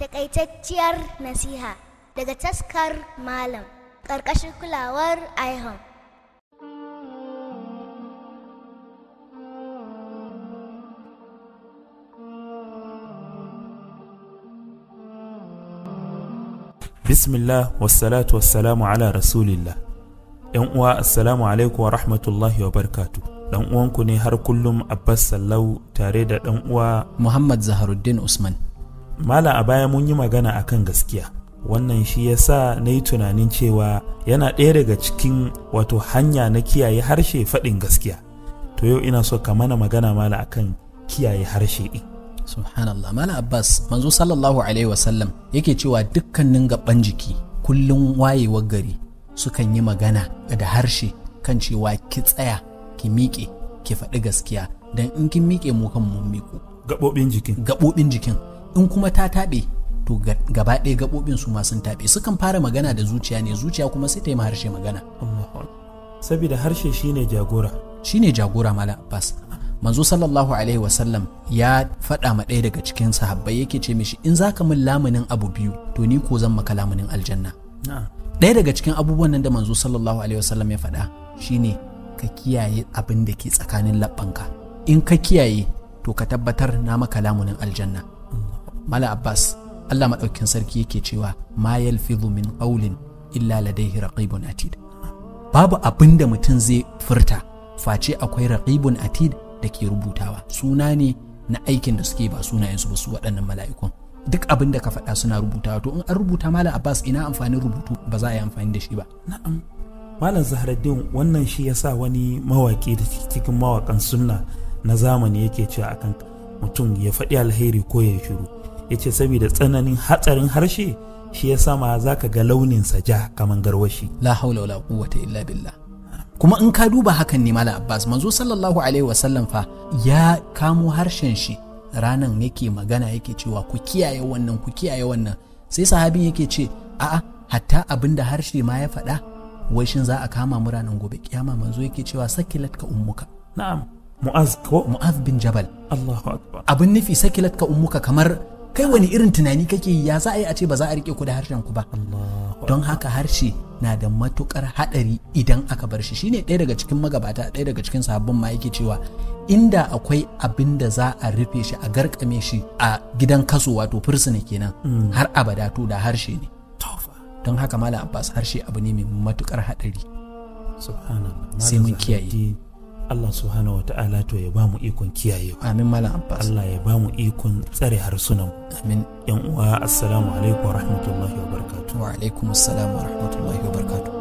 Takaitacciyar nasiha daga taskar Malam ƙarƙashin kulawar ihon Bismillah wassalatu wassalamu ala rasulillah ‘yan uwa assalamu alaikum wa rahmatullahi wa barkatu. dan uwanku ne har kullum Abbas Sallau tare da dan uwa Muhammad Zaharuddin Usman. mala a baya mun yi magana a kan gaskiya wannan shi ya sa na yi tunanin cewa yana ɗaya daga cikin wato hanya na kiyaye harshe faɗin gaskiya to yau ina so ka mana magana mala akan kiyaye harshe ɗin subhanallah mala abbas manzo sallallahu alaihi wasallam yake cewa dukkanin gaban jiki kullum wayewar gari sukan yi magana da harshe kan cewa ki tsaya ki miƙe ki faɗi gaskiya don in kin miƙe mu kan mun miƙo gaɓoɓin jikin gaɓoɓin jikin in kuma ta taɓe to gaba ɗaya gaɓoɓin su ma sun taɓe sukan fara magana da zuciya ne zuciya kuma sai ta yi harshe magana saboda harshe shine jagora shine jagora mala bas manzo sallallahu alaihi wasallam ya faɗa ma ɗaya daga cikin sahabbai yake ce mishi in za ka min lamunin abu biyu to ni ko zan maka lamunin aljanna ɗaya daga cikin abubuwan nan da manzo sallallahu alaihi wasallam ya faɗa shine ka kiyaye abin da ke tsakanin labbanka in ka kiyaye to ka tabbatar na maka lamunin aljanna mala abbas allah maɗaukin sarki yake cewa mayal yalfidhu min ƙaulin illa ladaihi raqibun atid babu abin da mutum zai furta face akwai raqibun atid da ke rubutawa suna ne na aikin da suke ba sunayensu ba su waɗannan mala'ikun duk abin da ka faɗa suna rubutawa to in an rubuta malam abbas ina amfanin rubutu ba za a yi amfani da shi ba na'am malam zaharaddin wannan shi ya sa wani mawaƙi da cikin mawaƙan sunna na zamani yake cewa akan mutum ya faɗi alheri ko ya shiru ya ce saboda tsananin hatsarin harshe shi ya sama za ka ga sa ja kamar garwashi la haula wala quwwata illa billah kuma in ka duba hakan ne mala abbas manzo sallallahu alaihi wasallam fa ya kamo harshen shi ranan yake magana yake cewa ku kiyaye wannan ku kiyaye wannan sai sahabin yake ce a'a hatta abin da harshe ma ya faɗa wai shin za a kama mu ranan gobe kiyama manzo yake cewa sakilat ka ummuka na'am mu'az ko mu'az bin jabal Allahu akbar abin nufi sakilat ka ummuka kamar kai wani irin tunani kake yi ya za a yi a ce ba za a rike ku da harshen ku ba don haka harshe na da matukar hadari idan aka bar shi shine ɗaya daga cikin magabata ɗaya daga cikin sabbin ma yake cewa inda akwai abin da za a rufe shi a garkame shi a gidan kaso wato fursuna kenan mm. har abada to da harshe ne don haka malam abbas harshe abu ne mai matukar hadari sai mun kiyaye Allah subhanahu wa ta'ala to ya bamu ikon kiyaye amin malam abbas Allah ya bamu ikon tsare harsunan amin yan uwa assalamu alaikum wa rahmatullahi wa barakatuh wa alaikum assalam wa rahmatullahi wa barakatuh